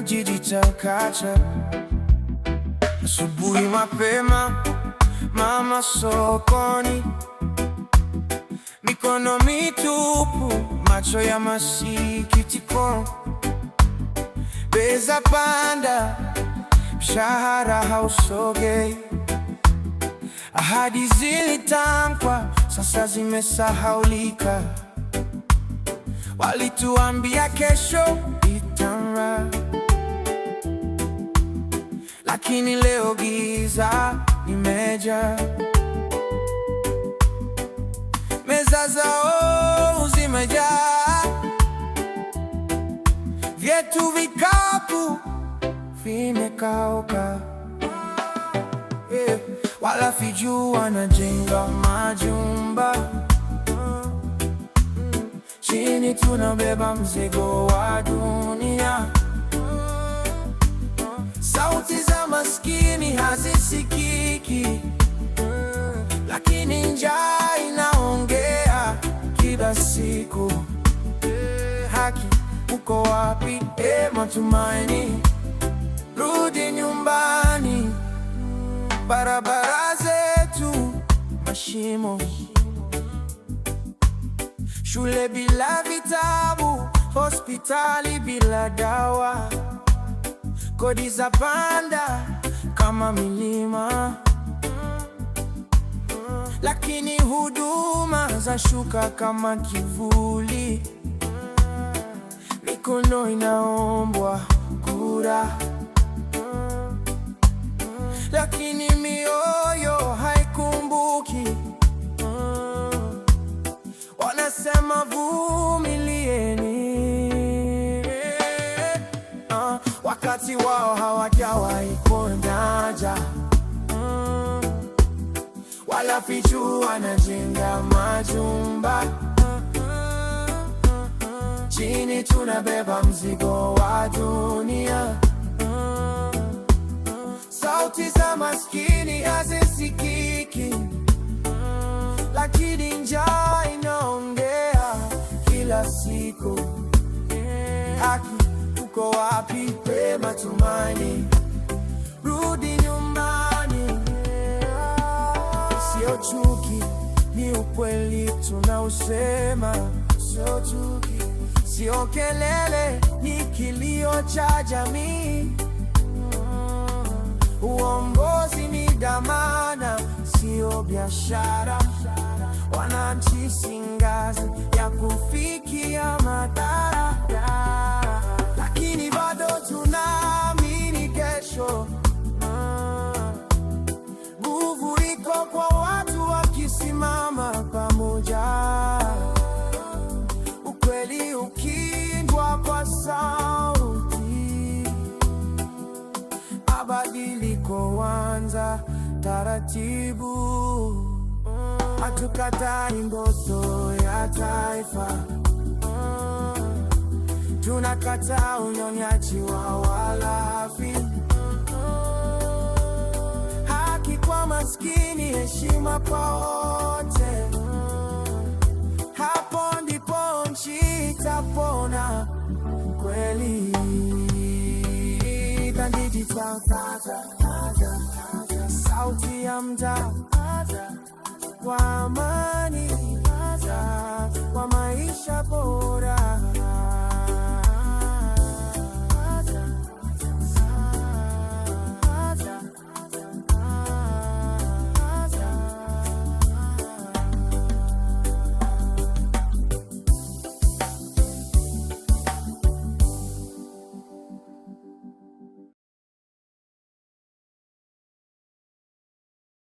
na jijichakacha asubuhi mapema, mama sokoni, mikono mitupu, macho ya masikitiko, beza panda, mshahara hausogei. Ahadi zilitamkwa sasa zimesahaulika, walituambia kesho itang'aa lakini leo giza imejaa. Meza zao zimejaa vyetu, vikapu vimekauka, yeah. Wala fiju wanajenga majumba chini, tunabeba mzigo wa duni uko wapi? E matumaini, rudi nyumbani. Barabara zetu mashimo, shule bila vitabu, hospitali bila dawa, kodi za panda kama milima lakini huduma za shuka kama kivuli mikono inaombwa kura, lakini mioyo haikumbuki. Wanasema vumilieni, wakati wao hawajawahi kuonaja wala fichu, wanajenga majumba chini tunabeba mzigo wa dunia. Sauti za maskini hazisikiki, lakini njaa inaongea kila siku. Haki uko wapi? Pema matumaini, rudi nyumbani. Sio chuki, ni ukweli tunausema, sio chuki sio kelele, ni kilio cha jamii. Mm. Uongozi ni dhamana, sio biashara. Wananchi si ngazi ya kufikia madhara, lakini bado tunaamini kesho. Mm. Nguvu iko kwa watu wakisimama pamoja. sauti, mabadiliko wanza taratibu. Hatukatai ndoto ya taifa, tunakataa unyonyaji wa walafi. Haki kwa maskini, heshima kwa wote Kiswahili, Bandy kwa amani, kwa maisha bora.